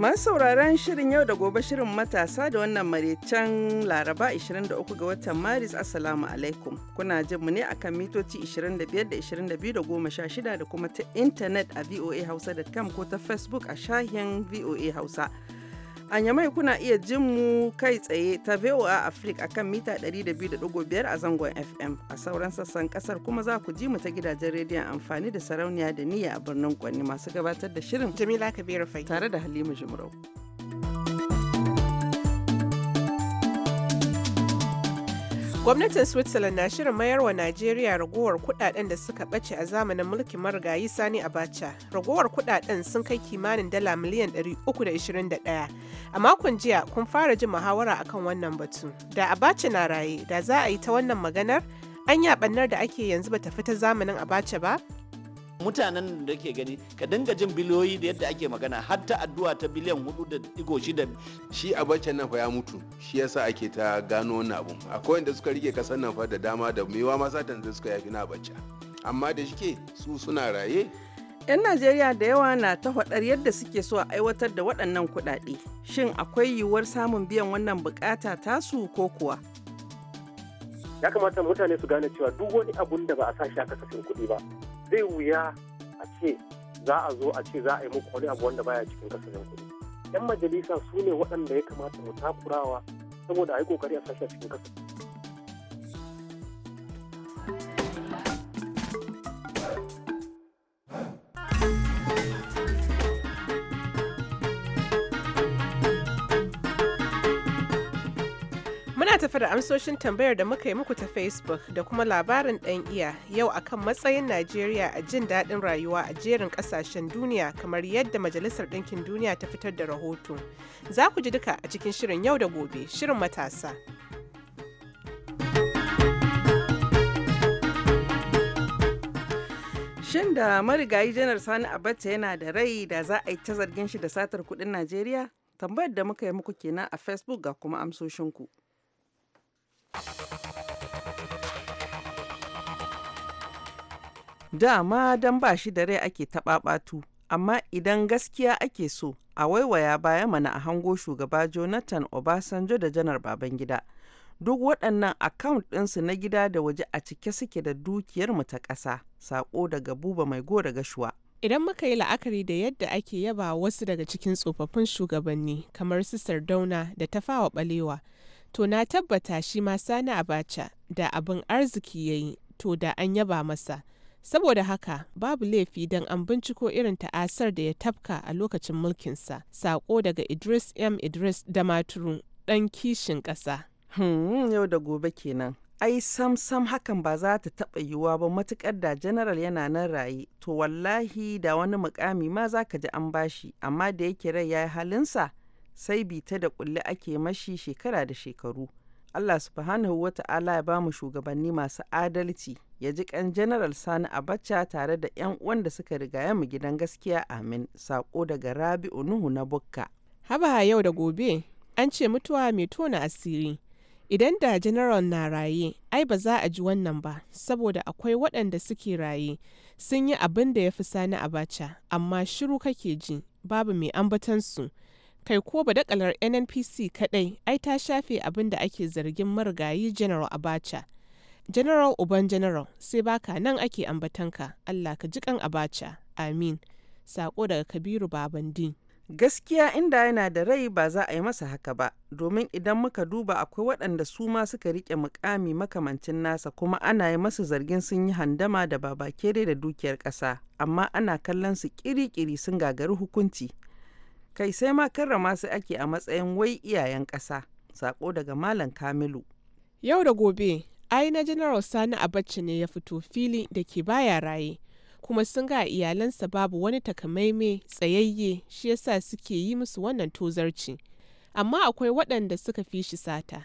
Masu sauraron shirin yau da gobe shirin matasa da wannan maraicen Laraba 23 ga watan Maris Assalamu alaikum. Kuna jin mu ne akan mitoci 25 da 22 da 16 da kuma ta intanet a voa hausa.com ko ta Facebook a shahin VOA Hausa. A Nyamai kuna iya jin mu kai tsaye ta VOA Africa akan mita 102.5 a zangon FM. A sauran sassan kasar kuma za ku ji mu ta gidajen rediyon amfani da sarauniya da niyya a birnin Kwanni masu gabatar da shirin. Jamila Kabiru Fai. Tare da Halima Jumrau. Gwamnatin Switzerland na shirin mayar wa Najeriya ragowar kudaden da suka ɓace a zamanin mulkin marigayi Sani Abacha. Ragowar kudaden sun kai kimanin dala miliyan 321. A makon jiya kun fara jin muhawara akan wannan batu. Da Abacha na raye, da za a yi ta wannan maganar, an yi da ake yanzu bata fita zamanin Abacha ba, mutanen da ke gani ka dinga jin biliyoyi da yadda ake magana har ta addu'a ta biliyan hudu da digo shida shi a bacci nan fa ya mutu shi yasa ake ta gano wannan abun akwai wanda suka rike kasan nan fa da dama da mewa ma satan da suka yafi na bacci amma da shike su suna raye 'Yan Najeriya da yawa na ta faɗar yadda suke so a aiwatar da waɗannan kuɗaɗe. Shin akwai yiwuwar samun biyan wannan bukata tasu ko kuwa? ya kamata mutane su gane cewa duk wani abun da ba a sashi a kasafin kuɗi ba zai wuya a ce za a zo a ce za a yi muku wani abu wanda baya cikin kasafin kuɗi yan majalisa su ne waɗanda ya kamata mu takurawa saboda a yi ƙoƙari a sashi a cikin kasafin tafi da amsoshin tambayar da muka yi muku ta Facebook da kuma labarin ɗan iya yau akan matsayin Najeriya a jin daɗin rayuwa a jerin ƙasashen duniya kamar yadda Majalisar Ɗinkin Duniya ta fitar da rahoto. Za ku ji duka a cikin shirin yau da gobe, shirin matasa. Shin da marigayi janar Sani Abacha yana da rai da za a yi ta zargin shi da satar kuɗin Najeriya? Tambayar da muka yi muku kenan a Facebook ga kuma amsoshinku. Dama don ba shi da rai ake taɓaɓatu, amma idan gaskiya ake so, a waiwaya baya mana a hango shugaba Jonathan Obasanjo da Janar Babangida. Duk waɗannan akaunt ɗinsu na gida da waje a cike suke da dukiyar mu ta ƙasa, saƙo daga buba mai go gashuwa. gashuwa. Idan muka yi la'akari da yadda ake yaba wasu daga cikin tsofaffin shugabanni kamar su Sardauna da Tafawa ɓalewa. To na tabbata shi ma Sani Abacha da abin arziki ya yi, to da an yaba masa. Saboda haka babu laifi don an binciko irin ta'asar da ya tafka a lokacin mulkinsa, saƙo daga Idris M. Idris da Maturu, ɗan kishin ƙasa. Hmm, yau da gobe kenan. ai sam sam hakan ba za ta taɓa yiwuwa ba matukar da general yana nan raye to wallahi da wani mukami ma za ka ji an bashi amma da yake rai ya yi halinsa sai bita da kulle ake mashi shekara da shekaru. Allah subhanahu wa ta'ala ya ba mu shugabanni masu adalci ya ji kan General Sani Abacha tare da 'yan wanda suka rigaya mu gidan gaskiya amin sako daga Rabi'u Nuhu na Bukka. Haba yau da gobe an ce mutuwa mai tona asiri. Idan da General na raye, ai ba za a ji wannan ba, saboda akwai waɗanda suke raye sun yi abin da ya fi Sani Abacha, amma shiru kake ji, babu mai ambatansu. su. Kai ko ba badakalar NNPC kaɗai ai ta shafe abin da ake zargin marigayi General Abacha. General Uban General sai baka nan ake ambatanka Allah ka jikan Abacha. Amin. Sako daga Kabiru Babandi. gaskiya inda yana da rai ba za a yi masa haka ba domin idan muka duba akwai waɗanda su ma suka rike mukami makamancin nasa kuma ana yi masu zargin sun yi handama da babakere da dukiyar ƙasa amma ana kallon su kiri-kiri sun gagari hukunci Kai sai ma karrama su ake a matsayin wai iyayen ƙasa. Sako daga Malam Kamilu. Yau da gobe, ai na General Sani Abacha ne ya fito fili da ke baya raye. kuma sun ga iyalansa babu wani takamaime tsayayye shi yasa suke yi musu wannan tozarci amma akwai waɗanda suka fi shi sata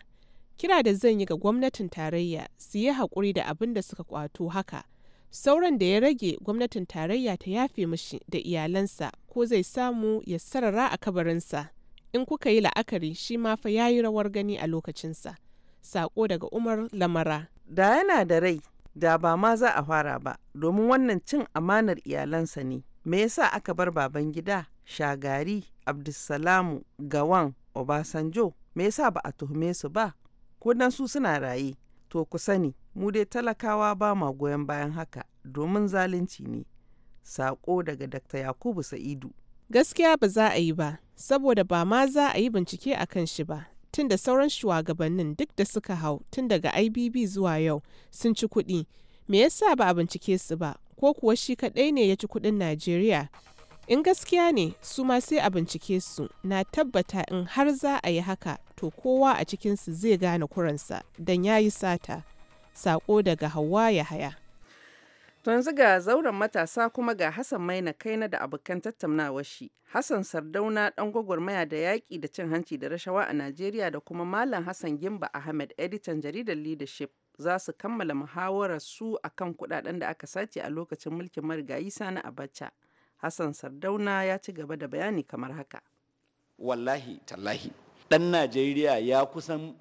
kira da zan yi ga gwamnatin tarayya su yi haƙuri da abin da suka kwato haka sauran da ya rage gwamnatin tarayya ta yafe mashi da iyalansa ko zai samu ya sarara a kabarinsa in kuka yi la'akari shi ma fa ya yi rawar gani a lokacinsa sako daga umar lamara da yana da rai da ba ma za a fara ba domin wannan cin amanar iyalansa ne me yasa aka bar baban gida shagari abdulsalamu gawan obasanjo me yasa ba a tuhume su ba ko dan su suna raye to ku sani mu dai talakawa ba ma goyon bayan haka domin zalunci ne Sako daga Dr. Yakubu Sa'idu. Gaskiya ba za a yi ba, saboda ba ma za a yi bincike a kan shi ba, tun da sauran shugabannin duk da suka hau tun daga IBB zuwa yau sun ci kuɗi. Me yasa ba a bincike su ba, ko kuwa shi kaɗai ne ya ci kuɗin Najeriya? In gaskiya ne su ma sai a bincike su na tabbata in har za a yi haka to kowa a cikinsu zai gane kuransa don ya yi sata. Sako daga Hauwa ya haya. To yanzu ga zauren matasa kuma ga Hassan Maina na da abokan tattaunawar shi. Hassan Sardauna dan gwagwarmaya da yaƙi da cin hanci da rashawa a Najeriya da kuma Malam Hassan Gimba Ahmed editan jaridar Leadership za su kammala muhawarar su akan kuɗaɗen da aka sace a lokacin mulkin marigayi Sani Abacha. Hassan Sardauna ya ci gaba da bayani kamar haka. Wallahi tallahi dan Najeriya ya kusan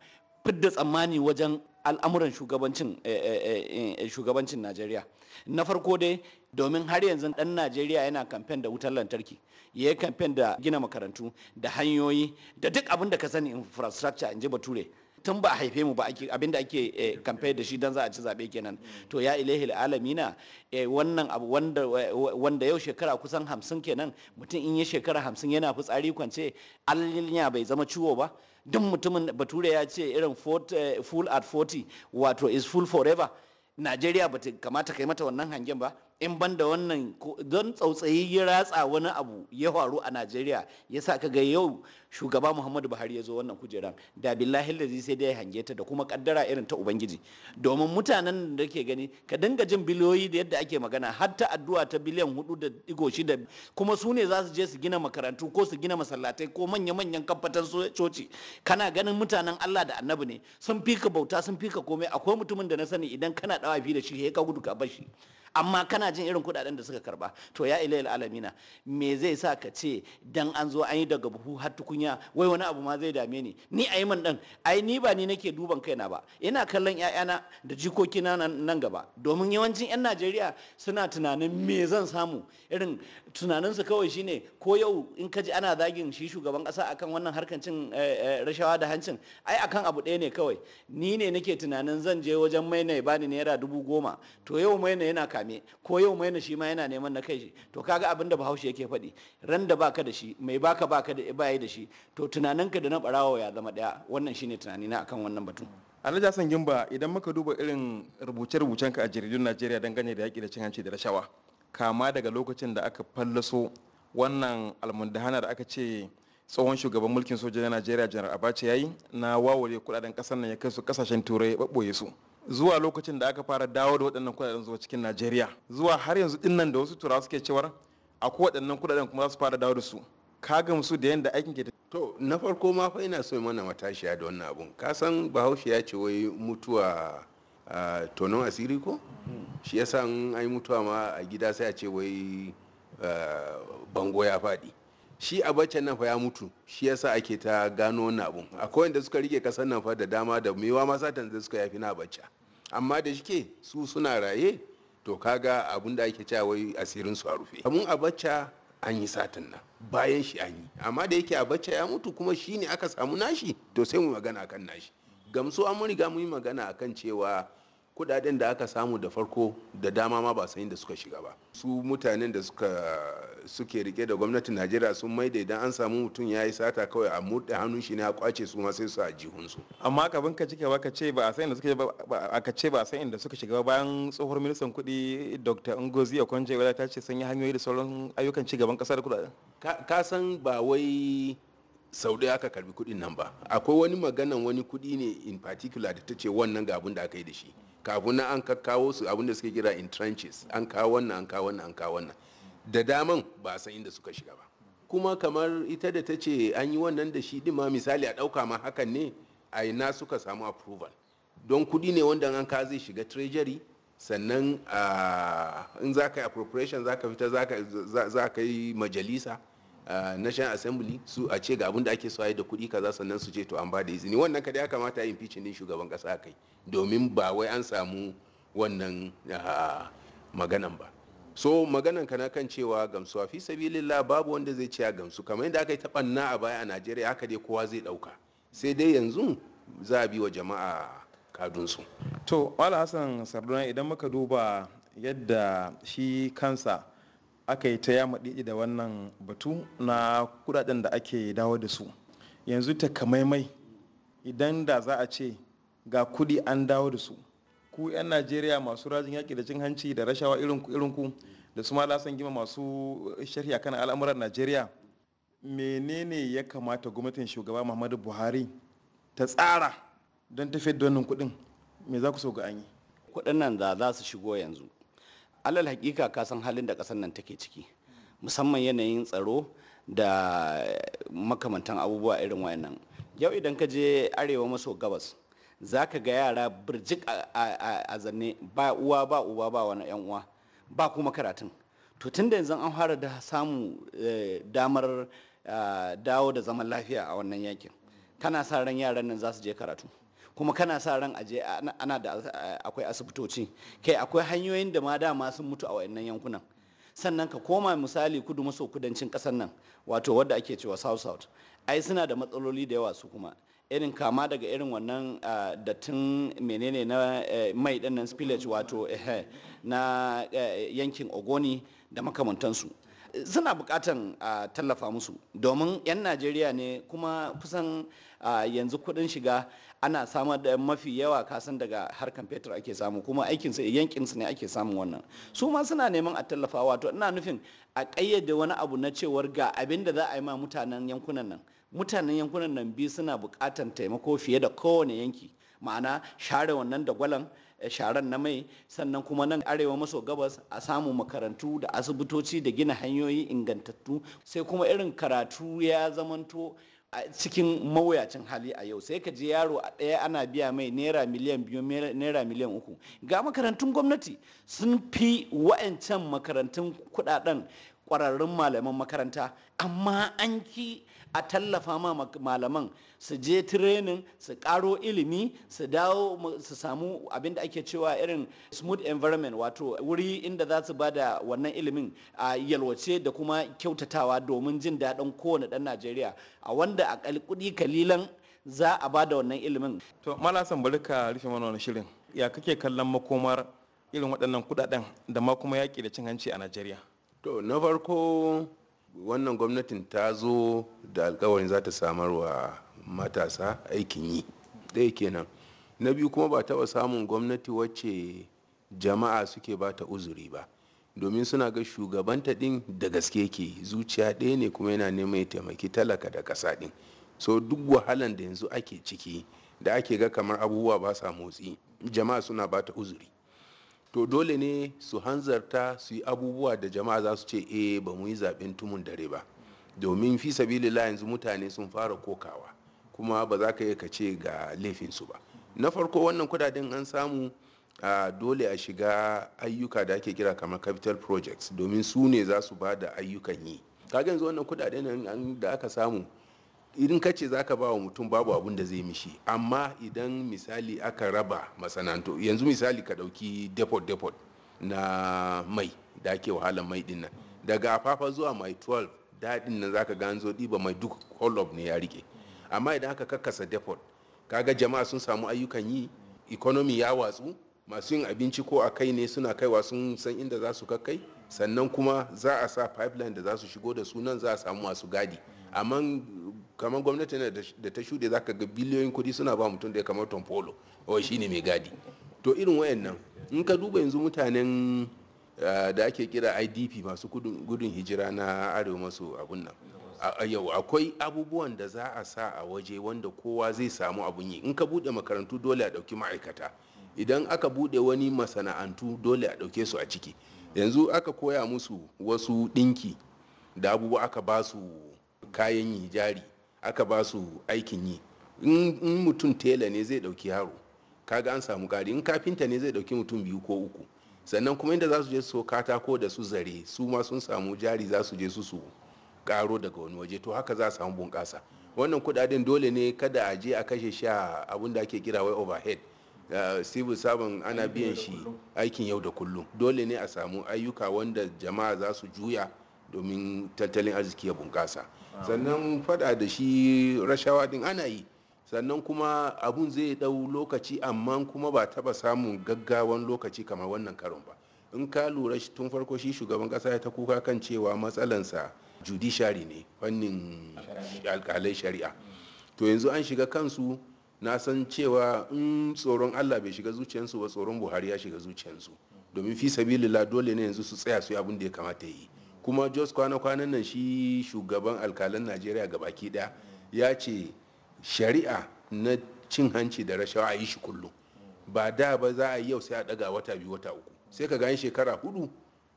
fidda tsammani wajen al'amuran eh, eh, eh, shugabancin najeriya na farko dai domin har yanzu dan najeriya yana kamfen da wutar lantarki ya yi kamfen da gina makarantu da hanyoyi da duk abin da ka sani infrastructure in ji bature tun ba a haife mu ba abinda ake kamfe eh, da shi don za a ci zaɓe kenan to ya ilahil alamina eh, wannan abu wanda yau shekara kusan hamsin kenan mutum in yi shekara hamsin yana fi tsari kwance allinya bai zama ciwo ba duk mutumin bature ya ce irin eh, full at 40 wato is full forever najeriya ba ta kamata kai mata wannan hangen ba in ban da wannan don tsautsayi ya ratsa wani abu ya faru a najeriya ya sa ka ga yau shugaba muhammadu buhari ya zo wannan kujeran da billahi sai sai dai hange ta da kuma kaddara irin ta ubangiji domin mutanen da ke gani ka dinga jin biliyoyi da yadda ake magana har ta addu'a ta biliyan hudu da digo shida kuma su ne za su je su gina makarantu ko su gina masallatai ko manya-manyan kamfatan coci kana ganin mutanen allah da annabi ne sun fika bauta sun fi ka komai akwai mutumin da na sani idan kana dawafi da shi ka gudu ka bar shi amma kana jin irin kudaden da suka karba to ya ilayil alamina me zai sa ka ce dan an zo an yi daga buhu har tukunya wai wani abu ma zai dame ni ni ayi yi min dan ai ni ba ni nake duban kaina ba ina kallon ƴaƴana da jikokina nan gaba domin yawancin 'yan najeriya suna tunanin me zan samu irin tunaninsu kawai shine ko yau in ka ji ana zagin shi shugaban ƙasa akan wannan harkan cin eh, eh, rashawa da hancin ai akan abu ɗaya ne kawai ni ne nake tunanin zan je wajen mai bani naira dubu goma to yau maina yana same ko yau maina shi ma yana neman na kai shi to kaga abin da bahaushe yake faɗi ran da baka da shi mai baka baka da baya da shi to tunaninka da na barawo ya zama ɗaya wannan shine tunani na akan wannan batun alhaji hassan gimba idan muka duba irin rubuce-rubucen ka a jaridun najeriya dangane da yaƙi da cin hanci da rashawa kama daga lokacin da aka fallaso wannan almundahana da aka ce tsohon shugaban mulkin soja na najeriya janar ya yayi na waware kudaden kasar nan ya kai su kasashen turai ya ɓaɓɓoye su zuwa lokacin da aka fara dawo da waɗannan kuɗaɗen zuwa cikin najeriya zuwa har yanzu din nan da wasu turawa suke cewar akwai waɗannan kuɗaɗen kuma za su fara dawo da su ka gamsu da yadda aikin ke to na farko ma fa ina so mana matashiya da wannan abun ka san bahaushe ya ce wai mutuwa a tonon asiri ko shi yasa an ai mutuwa ma a gida sai a ce wai bango ya faɗi shi abacha nan fa ya mutu shi yasa ake ta gano wannan abun akwai wanda suka rike kasar nan fa da dama da mewa ma satan da suka yafi na abacha amma da shike su suna raye to kaga abun da ake cewa wai asirin su a rufe abun abacha an yi satan nan bayan shi an yi amma da yake abacha ya mutu kuma shi ne aka samu nashi to sai mu magana akan nashi gamsu an riga mun yi magana akan cewa kudaden da aka samu da farko da dama ma ba san da suka shiga ba su mutanen da suka suke rike da gwamnatin najeriya sun maida idan an samu mutum ya yi sata kawai a murɗe hannun shi ne a kwace su ma sai su a jihunsu amma ka cike ka ce ba a san da suka shiga ba bayan tsohuwar ministan kuɗi dr ngozi okonjo iweala ta ce sun yi hanyoyi da sauran ayyukan ci gaban ƙasar kudaden ka san ba wai sau aka karbi kuɗin nan ba akwai wani maganan wani kuɗi ne in particular da ta ce wannan ga abin da aka yi da shi kafin an kawo su abin da suke kira in trenches an kawo wannan an kawo wannan an kawo wannan da daman ba san inda suka shiga ba kuma kamar ita da ta ce an yi wannan da shi din ma misali a ɗauka ma hakan ne a ina suka samu approval don kudi ne wanda an ka zai shiga treasury sannan ah, in za ka yi appropriation za ka fita za ka yi majalisa national assembly su a ce ga abin da ake so da kuɗi kaza sannan su ce to an ba da izini wannan kada ya kamata a impeachment din shugaban kasa kai domin ba wai an samu wannan maganan ba so maganan kana kan cewa gamsuwa fi sabilillah babu wanda zai ce gamsu kamar yadda aka yi taɓanna a baya a najeriya haka dai kowa zai ɗauka sai dai yanzu za a bi wa jama'a kadunsu to wala hassan idan muka duba yadda shi kansa aka yi ta ya ɗiɗi da wannan batu na kudaden da ake dawo da su yanzu takamaimai idan da za a ce ga kudi an dawo da su ku 'yan najeriya masu rajin yaƙi da cin hanci da rashawa irin ku da su lasan gima masu sharhi kan al'amuran najeriya menene ya kamata gwamnatin shugaba muhammadu buhari ta tsara don tafiyar da wannan kudin me za ku so ga an yi kudin nan da za su shigo yanzu alal hakika ka san halin da kasar nan take ciki musamman yanayin tsaro da makamantan abubuwa irin wayannan yau idan ka je arewa maso gabas za ka ga yara birjik a zane, ba uwa ba uba ba wani yan uwa ba kuma karatun to tun da yanzu an fara da samu eh, damar eh, dawo da zaman lafiya a wannan yakin kana sa ran yaran nan za su je karatu kuma kana sa ran aje ana da akwai asibitoci kai akwai hanyoyin da ma dama sun mutu a wayannan yankunan sannan ka koma misali kudu maso kudancin kasar nan wato wadda ake cewa south south ai suna da matsaloli da yawa su kuma irin kama daga irin wannan dattin menene na e, mai nan spillage wato na e, yankin ogoni da makamantansu suna bukatan a tallafa musu domin 'yan najeriya ne kuma kusan yanzu kudin shiga ana samar da mafi yawa kasan daga harkar fetur ake samu kuma aikin su yankin su ne ake samun wannan su ma suna neman a tallafa wato ina nufin a kayyade wani abu na cewar ga abin da za a yi ma mutanen yankunan nan mutanen yankunan nan bi suna bukatan taimako fiye da kowane yanki ma'ana share wannan da gwalan eh, sharan na mai sannan kuma nan arewa maso gabas a samu makarantu da asibitoci da gina hanyoyi ingantattu sai kuma irin karatu ya zamanto cikin mawuyacin hali a yau sai ka je yaro a ɗaya ana biya mai naira miliyan biyu naira miliyan uku ga makarantun gwamnati sun fi wa'ancan makarantun kudaden kwararrun malaman makaranta amma an ki a tallafa ma malaman su je tirenin su karo ilimi su dawo su samu abinda ake cewa irin smooth environment wato wuri inda za su ba wannan ilimin a yalwace da kuma kyautatawa domin jin daɗin kowane ɗan najeriya a wanda a kuɗi kalilan za a ba da wannan ilimin to malasan bari ka rufe mana wani shirin ya kake kallon makomar irin waɗannan kuɗaɗen da ma kuma yaƙi da cin hanci a najeriya to na farko wannan gwamnatin ta zo da alkawarin za ta samar wa matasa aikin yi ɗaya kenan na biyu kuma ba taɓa samun gwamnati wacce jama'a suke ba ta uzuri ba domin suna ga shugabanta ɗin da gaske ke zuciya ɗaya ne kuma yana neman ya taimaki talaka da ƙasa ɗin so duk wahalan da yanzu ake ciki da ake ga kamar abubuwa ba sa motsi jama'a suna ba ta uzuri to dole ne su hanzarta su yi abubuwa da jama'a za su ce eh ba mu yi zaɓen tumun dare ba domin fi la, yanzu mutane sun fara kokawa kuma ba za ka iya ka ce ga laifinsu ba na farko wannan kudaden an samu a dole a shiga ayyuka da ake kira kamar capital projects domin su ne za su ba da ayyukan yi kaga yanzu wannan kudaden da aka samu idan ka ce ka ba wa mutum babu abun da zai mishi amma idan misali aka raba masana'antu yanzu misali ka dauki depot depot na mai da ake wahalar mai din nan daga afafa zuwa mai 12 daɗin nan zaka ga an zo ɗiba mai duk hollow ne ya rike amma idan aka kakkasa depot kaga jama'a sun samu ayyukan yi economy ya watsu masu yin abinci ko a kai ne suna kaiwa sun san inda za su kakkai sannan kuma za a sa pipeline da za su shigo da sunan za a samu masu gadi amma kamar gwamnati da ta shuɗe zaka ga biliyoyin kuɗi suna ba mutum da ya kamar tom polo wai shine mai gadi to irin wayannan in ka duba yanzu mutanen eh, da ake kira idp masu gudun hijira na arewa masu abun nan yau akwai abubuwan da za a sa a waje wanda kowa zai samu abun yi in ka buɗe makarantu dole a ɗauki ma'aikata idan aka buɗe wani masana'antu dole a ɗauke su a ciki yanzu aka koya musu wasu ɗinki da abubuwa aka ba su kayan yi jari aka ba su aikin yi in mutum tela ne zai dauki yaro kaga an samu kari in kafinta ne zai dauki mutum biyu ko uku sannan kuma inda za su je su katako da su zare su ma sun samu jari za su je su su karo daga wani waje to haka za a samu bunƙasa wannan kudaden dole ne kada a je a kashe sha abin da ake kira wai overhead eh, civil sabon ana biyan shi aikin yau da kullum dole ne a samu ayyuka wanda jama'a za su juya domin tattalin arziki ya bunƙasa sannan fada da shi rashawa din ana yi sannan kuma abun zai dau lokaci amma kuma ba taba samun gaggawan lokaci kamar wannan karon ba in ka lura tun farko shi shugaban kasa ya ta kuka kan cewa matsalansa judiciary ne fannin alkalai shari'a to yanzu an shiga kansu na san cewa in tsoron allah bai shiga zuciyarsu ba tsoron buhari ya shiga zuciyarsu domin fi sabilillah dole ne yanzu su tsaya su yi abin da ya kamata yi kuma jos kwana-kwanan nan shi shugaban alkalan najeriya ga baki daya ya ce shari'a na cin hanci da rashawa a yi shi kullum ba da ba za a yi yau sai a daga wata biyu wata uku sai ka gani shekara hudu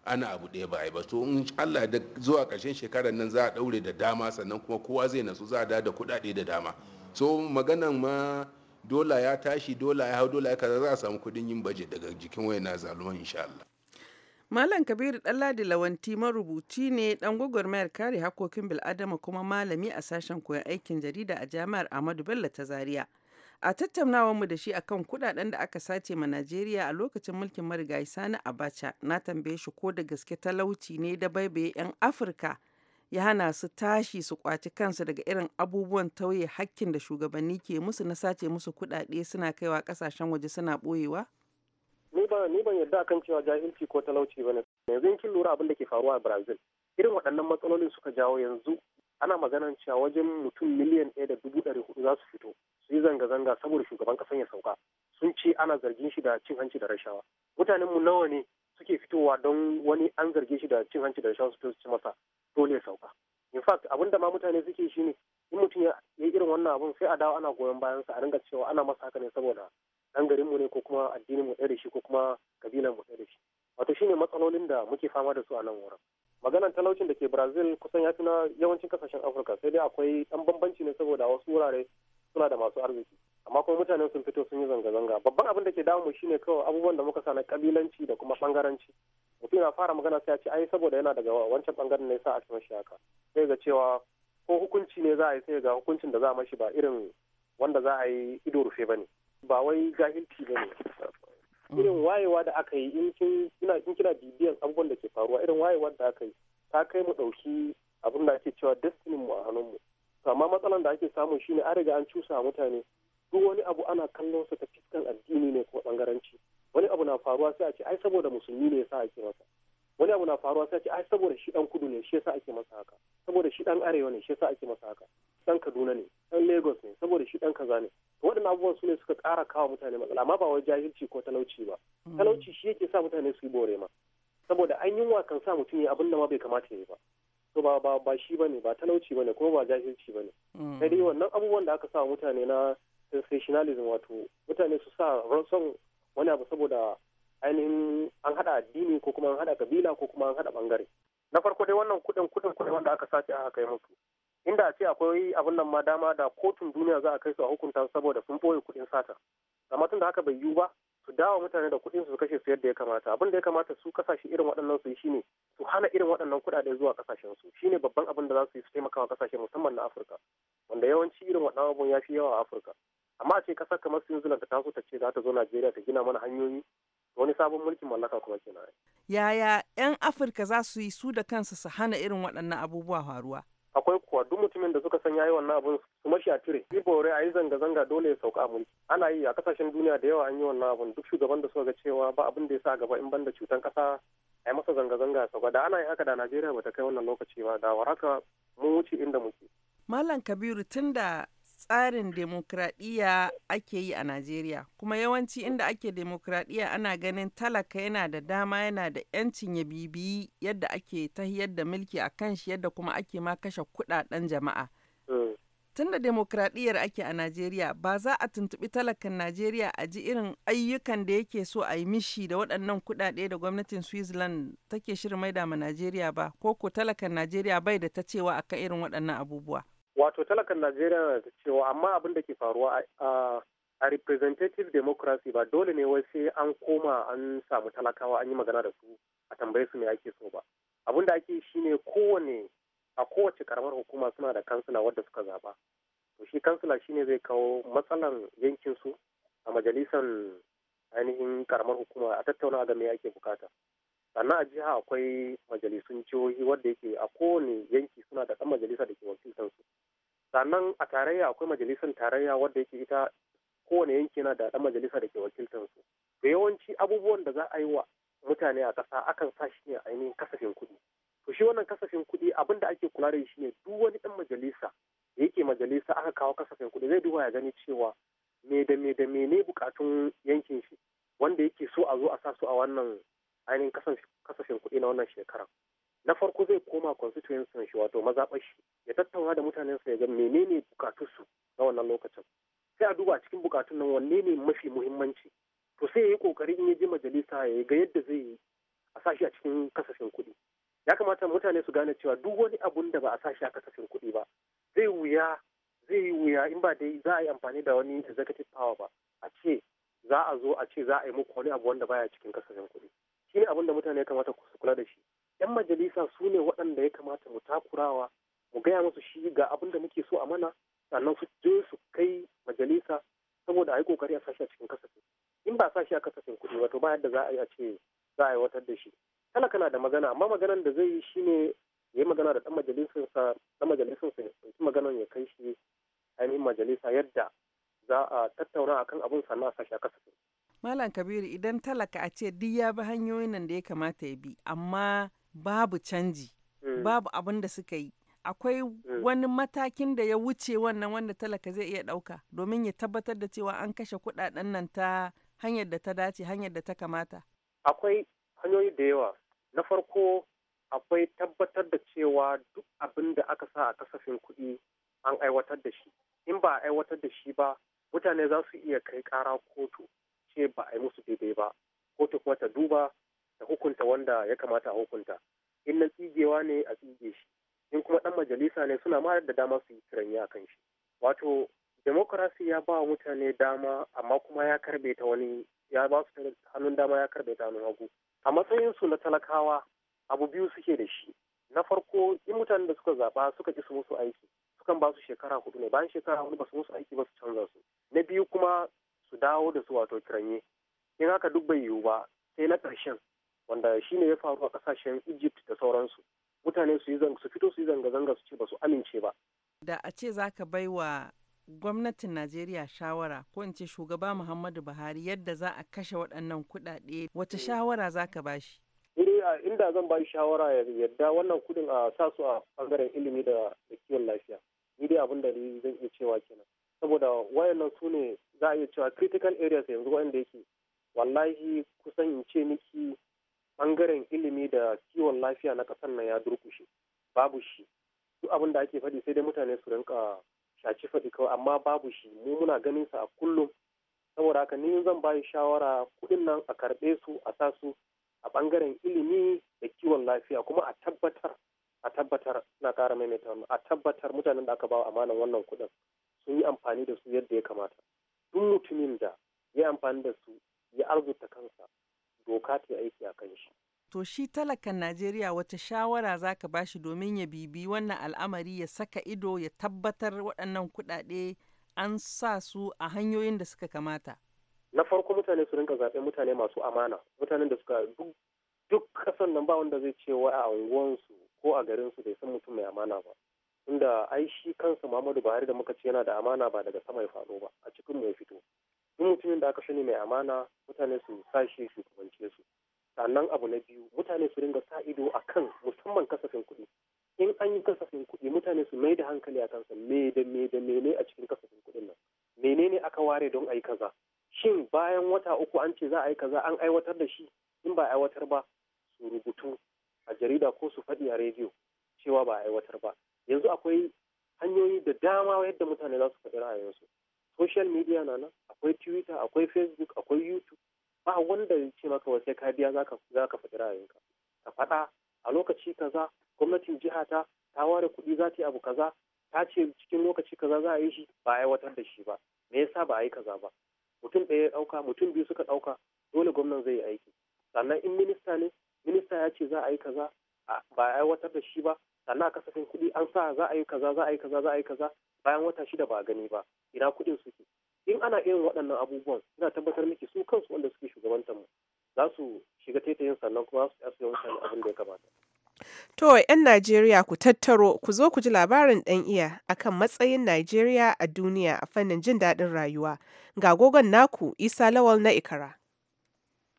ana abu ɗaya ba ba to in allah da zuwa karshen shekarar nan za a ɗaure da dama sannan kuma kowa zai nasu za a da da kuɗaɗe da dama so maganan ma dola ya tashi dola ya hau dola ya kaza za a samu kuɗin yin baje daga jikin wayan na zaluman insha allah Malam Kabiru Ɗanladi Lawanti marubuci ne ɗan gwagwarmayar kare hakokin bil'adama kuma malami a sashen koyon aikin jarida a jami'ar Ahmadu Bello ta Zaria. A tattaunawarmu da shi akan kuɗaɗen da aka sace ma Najeriya a lokacin mulkin marigayi Sani Abacha na tambaye shi ko da gaske talauci ne da baibaye 'yan Afirka ya hana su tashi su kwaci kansu daga irin abubuwan tauye hakkin da shugabanni ke musu na sace musu kuɗaɗe suna kaiwa ƙasashen waje suna ɓoyewa? ni ban ni ban yarda akan cewa jahilci ko talauci bane yanzu in kin lura abin da ke faruwa a Brazil irin waɗannan matsalolin suka jawo yanzu ana maganan cewa wajen mutum miliyan ɗaya da dubu ɗari hudu za su fito su yi zanga-zanga saboda shugaban kasan ya sauka sun ce ana zargin shi da cin hanci da rashawa mutanen mu nawa ne suke fitowa don wani an zarge shi da cin hanci da rashawa su ci masa dole ya sauka in fact abin da ma mutane suke shi ne in mutum ya yi irin wannan abun sai a dawo ana goyon bayan sa a ringa cewa ana masa haka ne saboda ɗan garinmu ne ko kuma addinin mu ɗaya da shi ko kuma kabilan mu ɗaya da shi wato shine matsalolin da muke fama da su a nan wurin maganan talaucin da ke brazil kusan ya fi na yawancin kasashen afirka sai dai akwai ɗan bambanci ne saboda wasu wurare suna da masu arziki amma kuma mutanen sun fito sun yi zanga-zanga babban abin da ke damu shine kawai abubuwan da muka sa na kabilanci da kuma ɓangaranci mutum na fara magana sai ya ce ai saboda yana daga wancan ɓangaren ne sa a mashi haka sai ga cewa ko hukunci ne za a yi sai ga hukuncin da za a mashi ba irin wanda za a yi ido rufe ba ne ba wai jahilci ba ne irin wayewa da aka yi in kina bibiyan abubuwan da ke faruwa irin wayewa da aka yi ta kai mu ɗauki abin da ake cewa destiny mu a hannunmu to amma matsalan da ake samu shine an riga an cusa mutane duk wani abu ana kallon sa ta fiskan addini ne ko bangaranci wani abu na faruwa sai a ce ai saboda musulmi ne yasa ake masa wani abu na faruwa sai a ce ai saboda shi dan kudu ne shi yasa ake masa haka saboda shi dan arewa ne shi yasa ake masa haka dan kaduna ne dan lagos ne saboda shi dan kaza ne waɗannan abubuwan su ne suka ƙara kawo mutane matsala amma ba wai jahilci ko talauci ba hmm. talauci shi yake sa mutane su yi bore ma saboda an wa kan sa mutum yi abin da ma bai kamata ya yi ba to ba ba ba shi bane ba talauci bane kuma ba jahilci bane hmm. sai dai wannan abubuwan da aka sa mutane na sensationalism wato mutane su sa son wani abu saboda ainihin an hada addini ko kuma an hada kabila ko kuma an hada bangare na farko dai wannan kuɗin kudin kudin wanda aka sace aka kai musu inda a ce akwai abin nan ma dama da kotun duniya za a kai su a hukunta saboda sun ɓoye kuɗin sata amma tun da haka bai yiwu ba su dawo mutane da kuɗin su kashe su yadda ya kamata abin da ya kamata su kasashe irin waɗannan su yi shine su hana irin waɗannan kuɗaɗe zuwa kasashen su shine babban abin da za su yi su taimaka wa kasashe musamman na Afirka wanda yawanci irin waɗannan abun ya fi yawa a Afirka amma a ce kasar kamar Switzerland ta taso ta ce za ta zo Najeriya ta gina mana hanyoyi wani sabon mulkin mallaka kuma kenan yaya 'yan Afirka za su yi su da kansu su hana irin waɗannan abubuwa faruwa akwai kuwa duk mutumin da suka san yayi wannan abun su mashi a tire bi bore a yi zanga-zanga dole ya sauka a mulki ana yi a kasashen duniya da yawa an yi wannan abun duk shugaban da suka ga cewa ba abin da ya sa gaba in banda cutan kasa a yi masa zanga-zanga ya sauka da ana yi haka da najeriya ba ta kai wannan lokaci ba da haka mun wuce inda muke Malam Kabiru tun da tsarin demokradiyya ake yi a Najeriya kuma yawanci inda ake demokradiyya ana ganin talaka yana da dama yana da yancin ya bibiyi yadda ake tahiyar da mulki a kan shi yadda kuma ake ma kashe kudaden jama'a. Mm. Tunda demokradiyyar ake a Najeriya ba za a tuntubi talakan Najeriya a ji irin ayyukan da yake so a yi mishi da waɗannan kuɗaɗe da gwamnatin Switzerland take shirin maida ma Najeriya ba ko ko talakan Najeriya bai da ta cewa akan irin waɗannan abubuwa. wato talakan najeriya na da cewa amma abin da ke faruwa a representative democracy ba dole ne wai sai an koma an samu talakawa an yi magana da su a tambaye su me ake so ba abin da ake shine kowane a kowace karamar hukuma suna da kansila wadda suka zaba to shi kansila shine zai kawo matsalan yankin su a majalisan ainihin karamar hukuma a tattauna ga me ake bukata sannan a jiha akwai majalisun jihohi wadda yake a kowane yanki suna da ɗan majalisa da ke wakiltar su sannan a tarayya akwai majalisar tarayya wadda yake ita kowane yanki yana da ɗan majalisa da ke wakiltar su da yawanci abubuwan da za a yi wa mutane a ƙasa akan sa shi ne ainihin kasafin kuɗi to shi wannan kasafin kuɗi abin da ake kula da shi ne duk wani ɗan majalisa da yake majalisa aka kawo kasafin kuɗi zai duba ya gani cewa me da me da ne bukatun yankin shi wanda yake so a zo a sa su a wannan ainihin kasafin kuɗi na wannan shekarar na farko zai koma constituency shi wato mazaɓar shi ya tattauna da mutanen sa ya ga menene bukatunsu na wannan lokacin sai a duba cikin bukatun nan wanne ne mafi muhimmanci to sai ya yi kokari in ya je majalisa ya ga yadda zai yi a sashi a cikin kasafin kuɗi ya kamata mutane su gane cewa duk wani abun da ba a sashi a kasafin kuɗi ba zai wuya zai yi wuya in ba dai za a yi amfani da wani executive power ba a ce za a zo a ce za a yi muku wani abu wanda baya cikin kasafin kuɗi shi ne da mutane ya kamata su kula da shi 'yan majalisa su ne waɗanda ya kamata mu takurawa mu gaya musu shi ga abin da muke so a mana sannan su je su kai majalisa saboda a yi kokari a sashi a cikin kasafin in ba sashi a kasafin kuɗi wato bayan ba yadda za a yi a ce za a watar da shi talaka na da magana amma maganan da zai yi shi ne ya yi magana da ɗan majalisinsa ɗan majalisinsa ya ɗauki maganan ya kai shi ainihin majalisa yadda za a tattauna akan abin sannan a sashi a kasafin Malam Kabiru idan talaka a ce duk ya bi hanyoyin nan da ya kamata ya bi amma babu canji mm. babu abin da suka yi akwai mm. wani matakin da ya wuce wannan wanda talaka zai iya ɗauka domin ya tabbatar da cewa an kashe kuɗaɗen nan ta hanyar da ta dace hanyar da ta kamata akwai hanyoyi da yawa na farko akwai tabbatar da cewa duk abin da aka sa a kasafin kuɗi an aiwatar da shi in ba a aiwatar da shi ba mutane za su iya kai kara kotu ce ba a yi musu daidai ba kotu kuma ta duba da hukunta wanda ya kamata a hukunta in nan tsigewa ne a tsige shi in kuma ɗan majalisa ne suna ma da dama su yi kiranya kan shi wato demokarasi ya ba mutane dama amma kuma ya karbe ta wani ya ba su hannun dama ya karbe ta hannun hagu a matsayin su na talakawa abu biyu suke da shi na farko in mutanen da suka zaba suka ki su musu aiki sukan ba su shekara hudu ne bayan shekara hudu ba su musu aiki ba su canza su na biyu kuma su dawo da su wato kiranye in haka duk bai yiwu ba sai na ƙarshen wanda shine ya faru a kasashen egypt da sauransu mutane su yi su fito su yi zanga-zanga su ce ba su amince ba da a ce zaka bai wa gwamnatin najeriya shawara ko in ce shugaba muhammadu buhari yadda za a kashe waɗannan kuɗaɗe wata mm. shawara zaka bashi inda zan ba shawara ya yadda wannan kuɗin a sa su a bangaren ilimi da kiwon lafiya ni dai abin da zan iya cewa kenan saboda wayannan su ne za a iya cewa critical areas yanzu wanda yake wallahi kusan in ce miki bangaren ilimi da kiwon lafiya na kasar nan ya durkushe babu shi duk abin da ake faɗi sai dai mutane su rinka shaci faɗi kawai amma babu shi mu muna ganin sa a kullum saboda haka ni zan bayi shawara kuɗin nan a karɓe su a sa su a bangaren ilimi da kiwon lafiya kuma a tabbatar a tabbatar na ƙara maimaita wannan a tabbatar mutanen da aka bawa amanan wannan kuɗin sun yi amfani da su yadda ya kamata duk mutumin da ya amfani da su ya arzuta bukatar aiki a kan shi. To shi talakan Najeriya wata shawara za ka ba shi domin ya bibi wannan al'amari ya saka ido ya tabbatar waɗannan kuɗaɗe an sa su a hanyoyin da suka kamata. Na farko mutane su rinka zaɓe mutane masu amana, mutanen da suka duk kasan nan ba wanda zai ce wa a unguwansu ko a garinsu bai san mutum mai amana ba. Tunda ai shi kansa Muhammadu Buhari da muka ce yana da amana ba daga sama ya faɗo ba, a cikin mai fito. in mutumin da aka sani mai amana mutane su sa shi shugabance su sannan abu na biyu mutane su ringa sa ido a kan musamman kasafin kuɗi in an yi kasafin kuɗi mutane su mai da hankali a kansa me da me da mene a cikin kasafin kuɗin nan ne aka ware don a yi kaza shin bayan wata uku an ce za a yi kaza an aiwatar da shi in ba aiwatar ba su rubutu a jarida ko su faɗi a rediyo cewa ba aiwatar ba yanzu akwai hanyoyi da dama yadda mutane za su faɗi ra'ayinsu social media na nan akwai twitter akwai facebook akwai youtube ba wanda ya ce maka wasai ka biya zaka zaka faɗi ra'ayinka ka faɗa a lokaci kaza gwamnatin jiha ta ta ware kuɗi za ta yi abu kaza ta ce cikin lokaci kaza za a yi shi ba a aiwatar da shi ba me yasa ba a yi kaza ba mutum ɗaya ya ɗauka mutum biyu suka ɗauka dole gwamnan zai yi aiki sannan in minista ne minista ya ce za a yi kaza ba a aiwatar da shi ba sannan a kasafin kuɗi an sa za a yi kaza za a yi kaza za a yi kaza bayan wata shida ba a gani ba ina kuɗin suke in ana irin waɗannan abubuwan ina tabbatar miki su kansu wanda suke shugabantar mu za su shiga taitayin sannan kuma su yi mutane abin da ya kamata. To, 'yan Najeriya ku tattaro, ku zo ku ji labarin ɗan iya akan matsayin Najeriya a duniya a fannin jin daɗin rayuwa. Ga gogon naku, Isa Lawal na Ikara.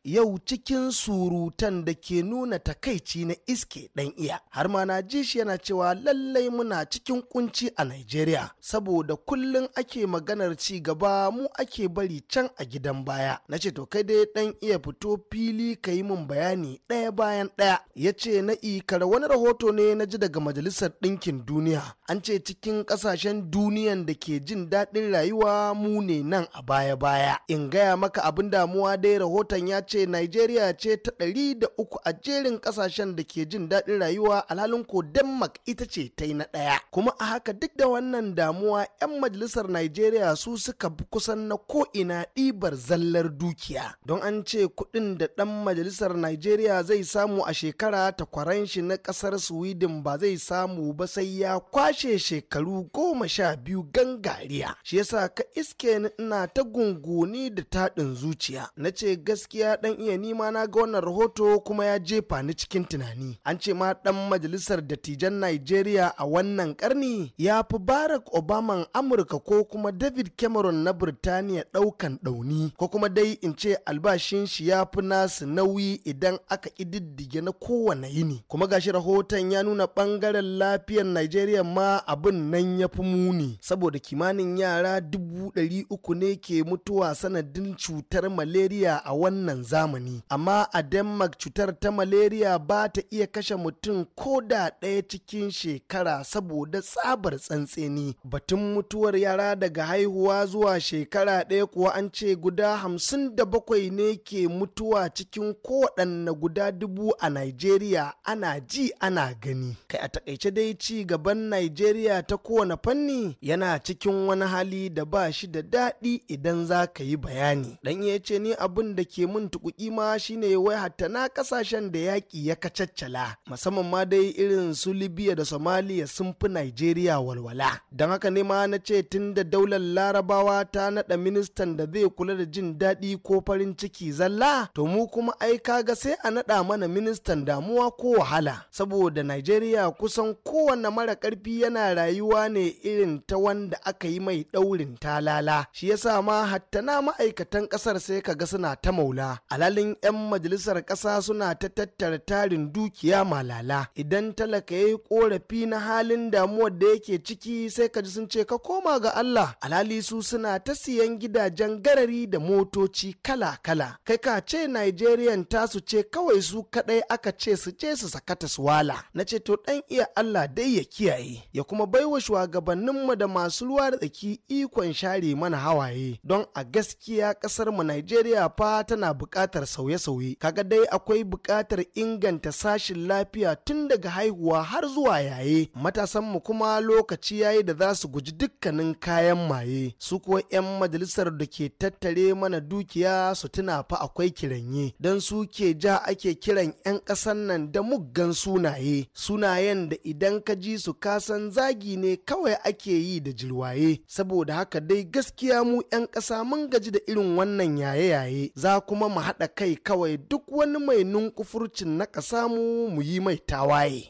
yau cikin surutan da ke nuna takaici na iske ɗan iya har ma na ji shi yana cewa lallai muna cikin kunci a Najeriya saboda kullum ake maganar ci gaba mu ake bari can a gidan baya na ce to kai dai ɗan iya fito fili ka yi min bayani ɗaya bayan ɗaya ya ce na ikar wani rahoto ne na ji daga majalisar ɗinkin duniya an ce cikin ƙasashen duniyan da ke jin daɗin rayuwa mu ne nan a baya baya in gaya maka abin damuwa dai rahoton ya ce Nigeria ce ta ɗari da uku a jerin ƙasashen da ke jin daɗin rayuwa alhalin ko Denmark ita ce ta yi na ɗaya. Kuma a haka duk da wannan damuwa 'yan majalisar Nigeria su suka bi kusan na ko'ina ɗibar zallar dukiya. Don an ce kuɗin da ɗan majalisar Nigeria zai samu a shekara ta takwaran shi na ƙasar Sweden ba zai samu ba sai ya kwashe shekaru goma sha biyu gangariya. Shi yasa ka iske ina ta gunguni da taɗin zuciya. Na ce gaskiya dan iya nima na ga wannan rahoto kuma ya jefa ni cikin tunani an ce ma dan majalisar dattijan Najeriya a wannan karni ya fi Barack Obama Amurka ko kuma David Cameron na Birtaniya daukan dauni ko kuma dai in ce albashin shi ya fi nasu nauyi idan aka ididdige na kowane yini kuma gashi rahoton ya nuna bangaren lafiyar Najeriya ma abin nan ya fi muni saboda kimanin yara dubu ɗari uku ne ke mutuwa sanadin cutar malaria a wannan zamani amma a denmark cutar ta malaria ba ta iya kashe mutum ko da ɗaya cikin shekara saboda tsabar tsantseni batun mutuwar yara daga haihuwa zuwa shekara ɗaya kuwa an ce guda hamsin da bakwai ne ke mutuwa cikin kowaɗanne guda dubu a nigeria ana ji ana gani kai a takaice dai ci gaban nigeria ta kowane fanni yana cikin wani hali da ba shi da daɗi idan za ka yi bayani dan ce ni abin da ke mun tukuki ma shine wai hatta na kasashen da yaƙi ya kacaccala musamman ma dai irin su libya da somaliya sun fi nigeria walwala don haka ne ma na ce tun da daular larabawa ta naɗa ministan da zai kula da jin daɗi ko farin ciki zalla to mu kuma ai kaga sai a naɗa mana ministan damuwa ko wahala saboda nigeria kusan kowanne mara ƙarfi yana rayuwa ne irin ta wanda aka yi mai ɗaurin talala shi yasa ma hatta na ma'aikatan ƙasar sai ka ga suna ta maula alalin 'yan majalisar ƙasa suna ta tattara tarin dukiya malala idan talaka ya yi korafi na halin damuwar da yake ciki sai ka ji sun ce ka koma ga Allah alali su suna ta siyan gidajen garari da motoci kala-kala kai ka ce Nigerian tasu ce kawai su kaɗai aka ce su je su sakata su wala na ce to dan iya Allah dai ya kiyaye ya kuma baiwa shugabanninmu da masu ruwa da tsaki ikon share mana hawaye don a gaskiya kasar mu Nigeria fa tana buƙatar buƙatar sauye-sauye kaga dai akwai buƙatar inganta sashin lafiya tun daga haihuwa har zuwa yaye matasan mu kuma lokaci yayi da za su guji dukkanin kayan maye su kuwa 'yan majalisar da ke tattare mana dukiya su tuna fa akwai kiranye don su ke ja ake kiran 'yan ƙasan nan da muggan sunaye sunayen da idan ka ji su kasan zagi ne kawai ake yi da jirwaye saboda haka dai gaskiya mu 'yan ƙasa mun gaji da irin wannan yaye-yaye za kuma mu haɗa kai kawai duk wani mai nunkufurcin na ka samu mu yi mai tawaye.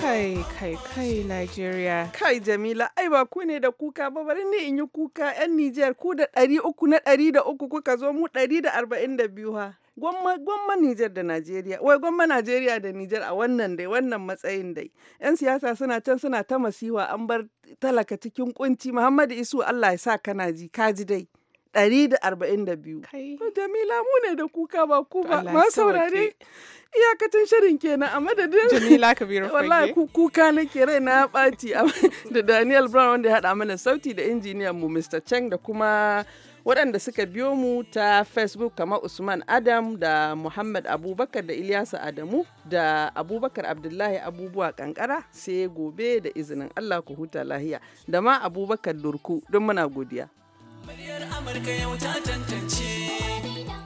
Kai, kai, kai, Nigeria. Kai, Jamila, ai ba ku ne da kuka ba, bari ne in yi kuka 'yan Nijar ku da ɗari uku na ɗari da uku kuka zo mu ɗari da arba'in da biyu ha. gwamma Nijar da Najeriya wai gwamma Najeriya da Nijar a wannan dai wannan matsayin dai yan siyasa suna can suna ta masiwa an bar talaka cikin kunci Muhammadu Isu Allah ya sa kana ji kaji dai da da arba'in 142 Jamila mu ne da kuka ba ku ba ma saurare iyakacin shirin kenan a madadin Jamila Kabiru wallahi wala kuka nake rai na ɓaci da Daniel Brown wanda ya haɗa mana sauti da injiniyan mu Mr. Cheng da kuma waɗanda suka biyo mu ta facebook kama usman adam da muhammad abubakar da ilyasa adamu da abubakar abdullahi abubuwa kankara sai gobe da izinin allah ku huta lahiya da ma abubakar durku don muna godiya yau ta